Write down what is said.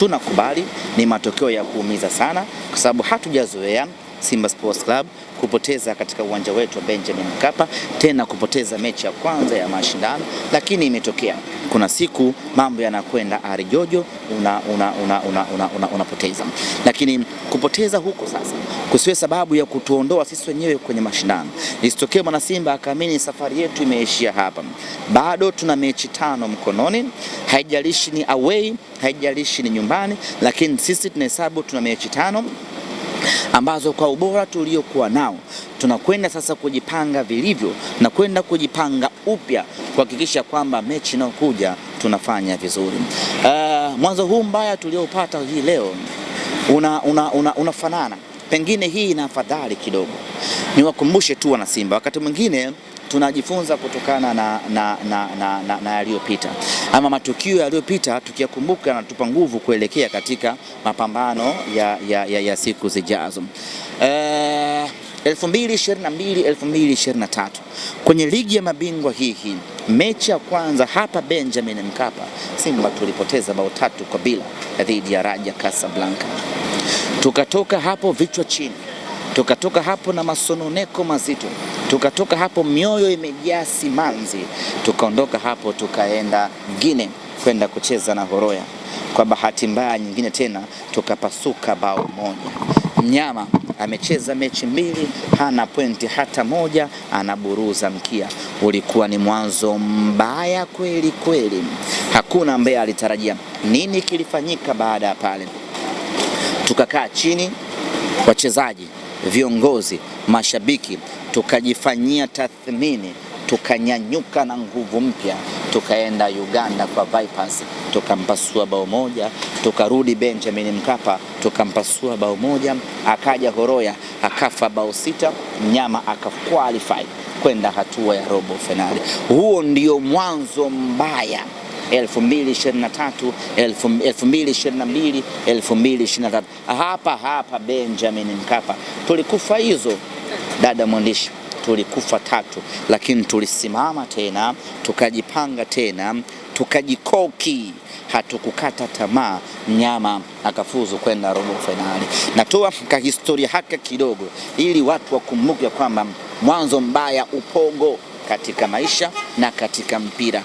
Tunakubali ni matokeo ya kuumiza sana, kwa sababu hatujazoea Simba Sports Club kupoteza katika uwanja wetu wa Benjamin Mkapa, tena kupoteza mechi ya kwanza ya mashindano, lakini imetokea kuna siku mambo yanakwenda arijojo, unapoteza una, una, una, una, una, lakini kupoteza huko sasa kusiwe sababu ya kutuondoa sisi wenyewe kwenye mashindano. Isitokee mwana Simba akaamini safari yetu imeishia hapa. Bado tuna mechi tano mkononi, haijalishi ni away, haijalishi ni nyumbani, lakini sisi tunahesabu tuna mechi tano ambazo kwa ubora tuliokuwa nao tunakwenda sasa kujipanga vilivyo na kwenda kujipanga upya kuhakikisha kwamba mechi inayokuja tunafanya vizuri. Uh, mwanzo huu mbaya tuliopata hii leo unafanana una, una, una pengine hii ina afadhali kidogo. Niwakumbushe tu wana Simba, wakati mwingine tunajifunza kutokana na, na, na, na, na, na yaliyopita ama matukio yaliyopita tukiyakumbuka, yanatupa nguvu kuelekea katika mapambano ya, ya, ya, ya siku zijazo. E, 2022 2023 kwenye ligi ya mabingwa hii hii mechi ya kwanza hapa Benjamin Mkapa, Simba tulipoteza bao tatu kwa bila dhidi ya Raja Casablanca, tukatoka hapo vichwa chini tukatoka hapo na masononeko mazito, tukatoka hapo mioyo imejaa simanzi, tukaondoka hapo tukaenda Gine kwenda kucheza na Horoya. Kwa bahati mbaya nyingine tena tukapasuka bao moja. Mnyama amecheza mechi mbili, hana pointi hata moja, anaburuza mkia. Ulikuwa ni mwanzo mbaya kweli kweli, hakuna ambaye alitarajia. Nini kilifanyika baada ya pale? Tukakaa chini wachezaji viongozi, mashabiki, tukajifanyia tathmini, tukanyanyuka na nguvu mpya, tukaenda Uganda kwa Vipers tukampasua bao moja, tukarudi Benjamin Mkapa tukampasua bao moja, akaja Horoya akafa bao sita, mnyama akakwalify kwenda hatua ya robo finali. Huo ndio mwanzo mbaya. 2023, hapa hapa Benjamin Mkapa tulikufa hizo, dada mwandishi tulikufa tatu, lakini tulisimama tena, tukajipanga tena, tukajikoki, hatukukata tamaa. Mnyama akafuzu kwenda robo fainali. Natoa kahistoria haka kidogo, ili watu wakumbuke kwamba mwanzo mbaya upogo katika maisha na katika mpira.